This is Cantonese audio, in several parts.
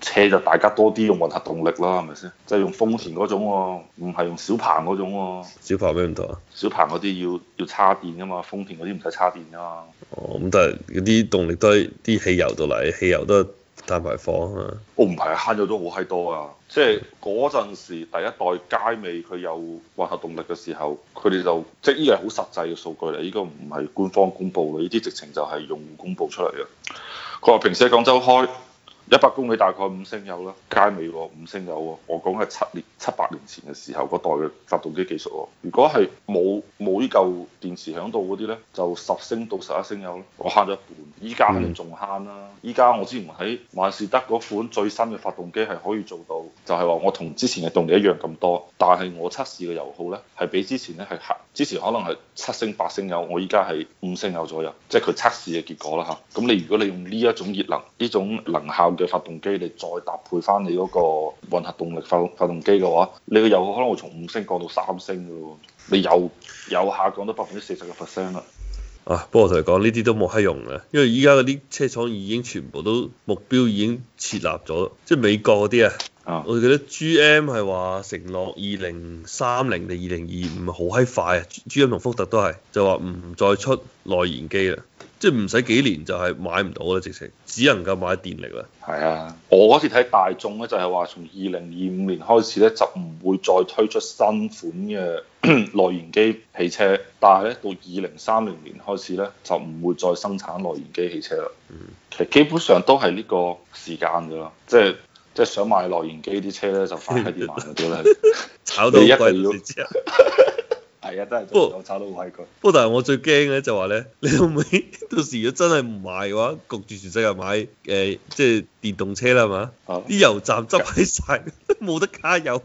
車就大家多啲用混合動力啦，係咪先？即係用豐田嗰種喎，唔係用小鵬嗰種喎。小鵬咩唔得啊？小鵬嗰啲要要插電噶嘛，豐田嗰啲唔使插電噶嘛。哦，咁但係啲動力都係啲汽油度嚟，汽油都係碳排放啊嘛。我唔係慳咗都好閪多啊！即係嗰陣時第一代佳美佢有混合動力嘅時候，佢哋就即係呢個係好實際嘅數據嚟，呢個唔係官方公布嘅，呢啲直情就係用戶公布出嚟嘅。佢話平時喺廣州開，一百公里大概五升油啦，街尾五升油喎，我講係七年七八年前嘅時候嗰代嘅發動機技術喎。如果係冇冇呢嚿電池響度嗰啲呢，就十升到十一升油咯，我慳咗一半。依家嘅仲慳啦，依家我之前喺萬事得嗰款最新嘅發動機係可以做到，就係話我同之前嘅動力一樣咁多，但係我測試嘅油耗呢，係比之前呢係之前可能係七升八升油，我依家係五升油左右，即係佢測試嘅結果啦嚇。咁、啊、你如果你用呢一種熱能，呢種能效嘅發動機，你再搭配翻你嗰個混合動力發發動機嘅話，你嘅油可能會從五升降到三升嘅喎。你有有下降到百分之四十嘅 percent 啦。啊！不過我同你講呢啲都冇閪用嘅，因為依家嗰啲車廠已經全部都目標已經設立咗，即係美國嗰啲啊，我記得 GM 係話承諾二零三零定二零二五好閪快啊，G M 同福特都係就話唔再出內燃機啦。即係唔使幾年就係買唔到啦，直情只能夠買電力啦。係啊，我嗰次睇大眾咧，就係話從二零二五年開始咧，就唔會再推出新款嘅 內燃機汽車，但係咧到二零三零年開始咧，就唔會再生產內燃機汽車啦。其實、嗯、基本上都係呢個時間噶啦，即係即係想買內燃機啲車咧，就快啲買啦，屌炒到一貫字。 係啊，真係不過炒到好閪貴。不過不過但係我最驚咧就話咧，你會唔會到時如果真係唔買嘅話，焗住全世界買誒即係電動車啦係嘛？啲、啊、油站執喺晒，冇得的加油，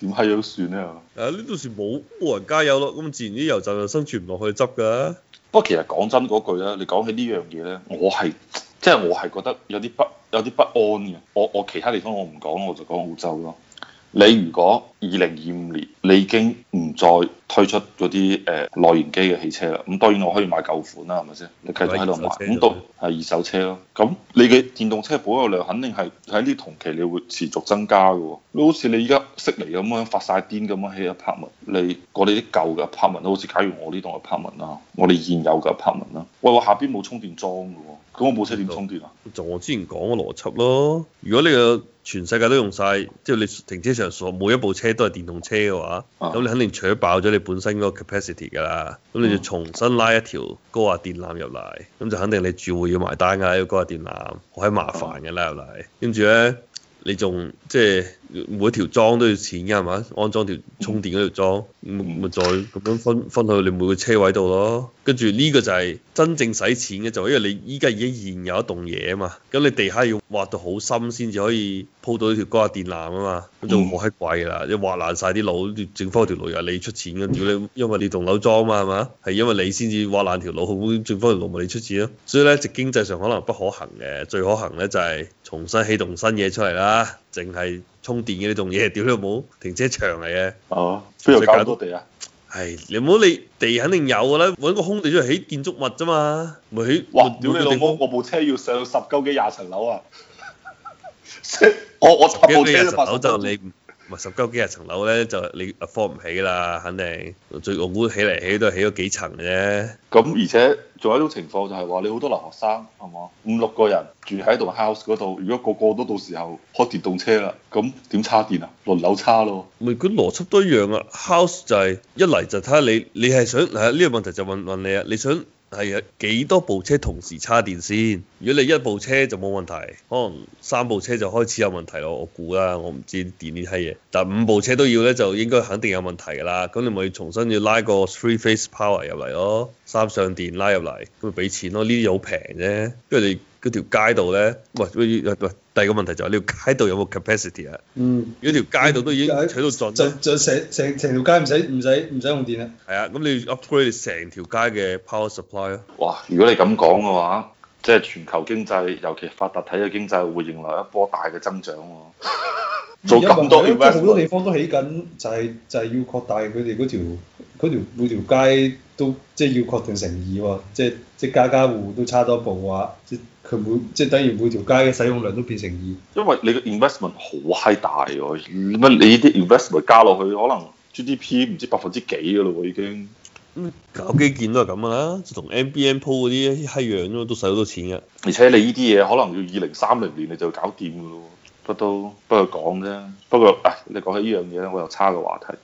點閪樣算咧？啊！你到時冇冇人加油咯，咁自然啲油站又生存唔落去執㗎。不過其實講真嗰句咧，你講起呢樣嘢咧，我係即係我係覺得有啲不有啲不安嘅。我我，我其他地方我唔講，我就講澳洲咯。你如果二零二五年你已經唔再推出嗰啲誒內燃機嘅汽車啦，咁當然我可以買舊款啦，係咪先？你繼續喺度買倒，咁都係二手車咯。咁你嘅電動車保有量肯定係喺呢同期，你會持續增加嘅喎。好似你而家識嚟咁樣發晒癲咁樣起一 apartment，你我哋啲舊嘅 apartment 都好似，假如我呢度嘅 apartment 啦，我哋現有嘅 apartment 啦，喂我下邊冇充電樁嘅喎，咁我冇車點充電啊、嗯？就我之前講嘅邏輯咯，如果你嘅全世界都用晒，即係你停車場所每一部車都係電動車嘅話，咁你肯定扯爆咗你本身嗰個 capacity 噶啦。咁你就重新拉一條高壓電纜入嚟，咁就肯定你住戶要埋單㗎，要高壓電纜好閪麻煩嘅拉入嚟。跟住咧，你仲即係每條樁都要錢㗎係嘛？安裝條充電嗰條樁，咪再咁樣分分去你每個車位度咯。跟住呢個就係真正使錢嘅就，因為你依家已經現有一棟嘢啊嘛，咁你地下要挖到好深先至可以鋪到呢條高壓電纜啊嘛，咁就好閪貴啦，一挖爛晒啲路，正方整條路又係你出錢嘅，屌你因為你棟樓裝啊嘛係嘛，係因為你先至挖爛條路，好整翻條路咪你出錢咯，所以咧，從經濟上可能不可行嘅，最可行咧就係重新起棟新嘢出嚟啦，淨係充電嘅呢棟嘢屌你老母停車場嚟嘅，哦、啊，邊度搞多地啊？係，你唔好理你地肯定有噶啦，揾個空地出嚟起建築物啫嘛？咪起。哇嘩！屌你老母，我部車要上十幾廿層樓啊！即 我我搭部車都十層樓就你。 十九幾廿層樓咧，就你 afford 唔起啦，肯定。最我估起嚟起都係起咗幾層嘅啫。咁而且仲有一種情況就係話，你好多留學生係嘛，五六個人住喺度 house 嗰度，如果個個都到時候開電動車啦，咁點叉電啊？輪流叉咯。咪管邏輯都一樣啊。house 就係、是、一嚟就睇下你，你係想係呢、呢個問題就問問你啊，你想？係啊，幾多部車同時叉電先？如果你一部車就冇問題，可能三部車就開始有問題咯。我估啦，我唔知電呢？係嘢，但五部車都要咧，就應該肯定有問題啦。咁你咪重新要拉個 three phase power 入嚟咯，三相電拉入嚟，咁咪俾錢咯。呢啲好平啫，跟住你。嗰條街度咧，喂喂喂！第二個問題就係、是、條街度有冇 capacity 啊？嗯，如果條街度都已經取到盡就，就就成成成條街唔使唔使唔使用電啊？係啊，咁你 upgrade 成條街嘅 power supply 啊！哇！如果你咁講嘅話，即係全球經濟，尤其發達體嘅經濟，會迎來一波大嘅增長喎、啊。 做咁多 investment、嗯？因為好多地方都起緊，就係、是、就係、是、要擴大佢哋嗰條每條，條街都即係、就是、要確定成意喎，即係即係家家戶戶都差多步嘅、啊、話。即佢每即係等於每條街嘅使用量都變成二、啊，因為你嘅 investment 好閪大喎，咁你呢啲 investment 加落去可能 GDP 唔知百分之幾噶咯喎已經，嗯、搞基建都係咁噶啦，同 M B M 鋪嗰啲一閪樣啫、啊、都使好多錢嘅、啊。而且你呢啲嘢可能要二零三零年你就搞掂噶咯，不都不過講啫。不過啊，你講起呢樣嘢咧，我又差個話題，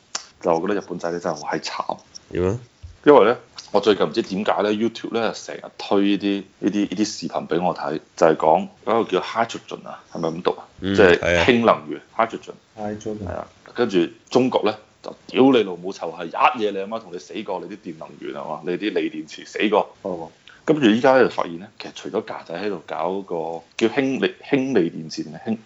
就我覺得日本仔咧真係好閪慘，點啊？因為咧，我最近唔知點解咧，YouTube 咧成日推呢啲呢啲呢啲視頻俾我睇，就係講嗰個叫 hydrogen 啊，係咪咁讀啊？即係氫能源 hydrogen。hydrogen 係啊。跟住中國咧，就屌你老母臭閪，一夜你阿媽同你死過，你啲電能源啊嘛，你啲鋰電池死過。跟住依家咧就發現咧，其實除咗架仔喺度搞個叫氫力氫鋰電池，氫，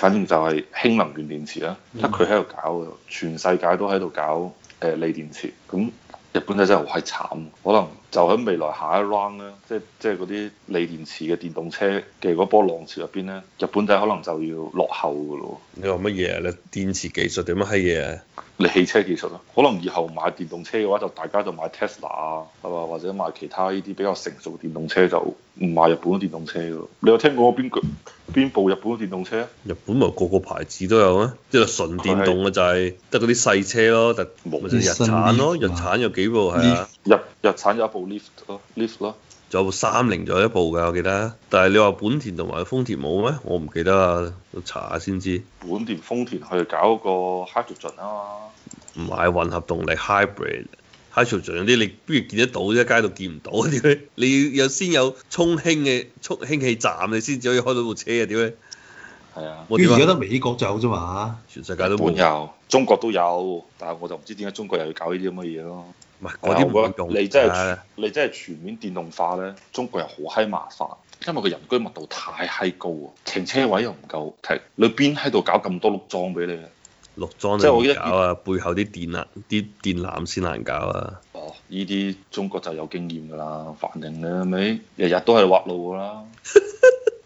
反正就係氫能源電池啦，得佢喺度搞，全世界都喺度搞誒鋰電池，咁。Uh, uh, uh, uh, uh, uh, 日本仔真係好係慘，可能就喺未來下一 round 咧，即即係嗰啲鋰電池嘅電動車嘅嗰波浪潮入邊咧，日本仔可能就要落後㗎咯。你話乜嘢啊？你電池技術定乜閪嘢啊？你汽車技術咯，可能以後買電動車嘅話，就大家就買 Tesla 啊，係嘛？或者買其他呢啲比較成熟嘅電動車就唔買日本嘅電動車咯。你有聽過我邊句？邊部日本嘅電動車啊？日本咪個個牌子都有啊，即係純電動嘅就係得嗰啲細車咯，特冇日產咯，日產有幾部係啊？日日產有一部 Lift 咯，Lift 咯，仲有部三菱仲有一部噶，我記得。但係你話本田同埋豐田冇咩？我唔記得啊，我查下先知。本田豐田佢搞個 hydrogen 啊嘛，唔係混合動力 hybrid。啲你不如見得到啫？街度見唔到點解？你要有先有充氫嘅速氫氣站，你先至可以開到部車啊？點解？係啊，邊而家得美國有啫嘛？全世界都冇，中國都有，但係我就唔知點解中國又要搞呢啲咁嘅嘢咯。唔係，啲冇用。得你真係、啊、你真係全面電動化咧，中國又好閪麻煩，因為個人居密度太閪高啊，停車位又唔夠停，停裏邊喺度搞咁多碌樁俾你落裝即係我一搞啊，背後啲電纜，啲電纜先難搞啊！哦，呢啲中國就有經驗㗎啦，反正你咪日日都係挖路㗎啦。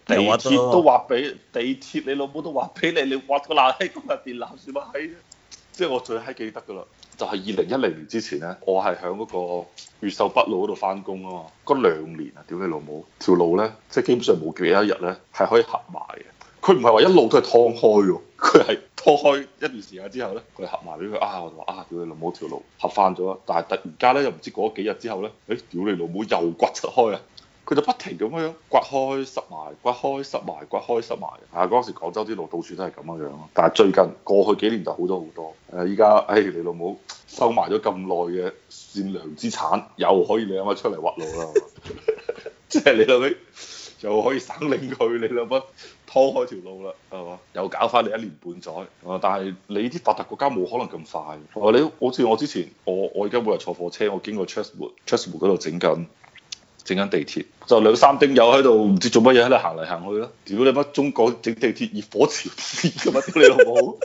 地鐵都挖俾地鐵，你老母都挖俾你，你挖個爛閪咁嘅電纜算乜閪啫？即係我最閪記得㗎啦，就係二零一零年之前咧，我係喺嗰個越秀北路嗰度翻工啊嘛。嗰兩年啊，屌你老母條路咧，即係基本上冇幾多日咧係可以合埋嘅。佢唔係話一路都係劏開喎，佢係。拖開一段時間之後咧，佢合埋俾佢啊！我就話啊，屌你老母條路合翻咗啦！但係突然間咧，又唔知過咗幾日之後咧，誒，屌你老母又刮出開啊！佢就不停咁樣樣刮開濕埋，刮開濕埋，刮開濕埋。啊！嗰陣時廣州啲路到處都係咁樣樣咯。但係最近過去幾年就好咗好多。誒，依家誒你老母收埋咗咁耐嘅善良資產，又可以你阿媽出嚟挖路啦！即係你老妹又可以省領佢，你老媽，鋪開條路啦，係嘛？又搞翻你一年半載，但係你啲發達國家冇可能咁快。我你好似我之前，我我而家每日坐火車，我經過 Chesswood，Chesswood 嗰度整緊整緊地鐵，就兩三丁友喺度唔知做乜嘢喺度行嚟行去啦。如果你乜中國整地鐵熱火朝天嘅嘛，屌你老母！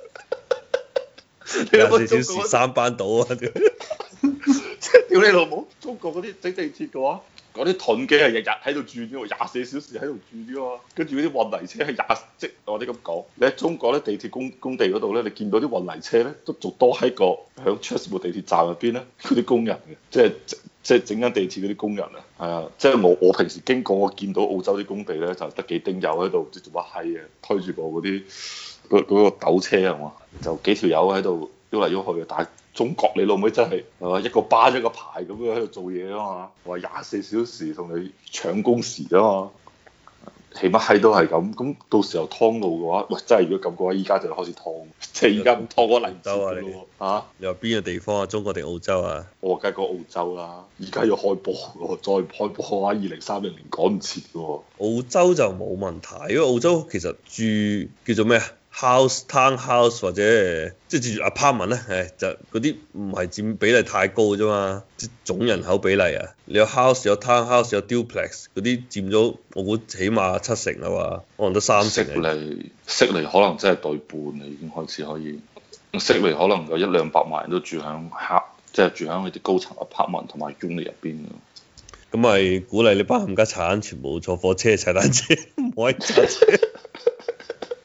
廿四小時三班倒啊！屌 ，屌 你老母，中國嗰啲整地鐵嘅話。我啲盾機係日日喺度轉啲喎，廿四小時喺度轉啲喎。跟住嗰啲運泥車係廿，即我哋咁講。你喺中國咧地鐵工工地嗰度咧，你見到啲運泥車咧都仲多喺個響出事部地鐵站入邊咧嗰啲工人嘅，即係即係整緊地鐵嗰啲工人啊。係啊，即係我我平時經過我見到澳洲啲工地咧，就得幾丁友喺度唔知做乜閪嘅，推住部嗰啲嗰個斗車係嘛，就幾條友喺度喐嚟喐去打。中國你老妹真係係嘛，一個巴一,一個牌咁樣喺度做嘢啊嘛，話廿四小時同你搶工時啊嘛，起碼係都係咁。咁到時候劏路嘅話，喂真係如果咁嘅話，依家就開始劏，即係而家咁劏我嚟唔到啊。嚇！你話邊個地方啊？中國定澳洲啊？我梗係講澳洲啦。而家要開波喎，再開波嘅話，二零三零年趕唔切喎。澳洲就冇問題，因為澳洲其實住叫做咩啊？House、town house 或者即係住住 apartment 咧、哎，誒就嗰啲唔係佔比例太高啫嘛，即係總人口比例啊。你有 house、有 town house 有 duplex 嗰啲佔咗我估起碼七成啊嘛，可能得三成。悉尼悉尼可能真係對半，你已經開始可以，悉尼可能有一兩百萬人都住響客，即係住響佢啲高層 apartment 同埋 unit 入邊咯。咁咪鼓勵你班冚家鏟全部坐火車、踩單車，唔可以揸車。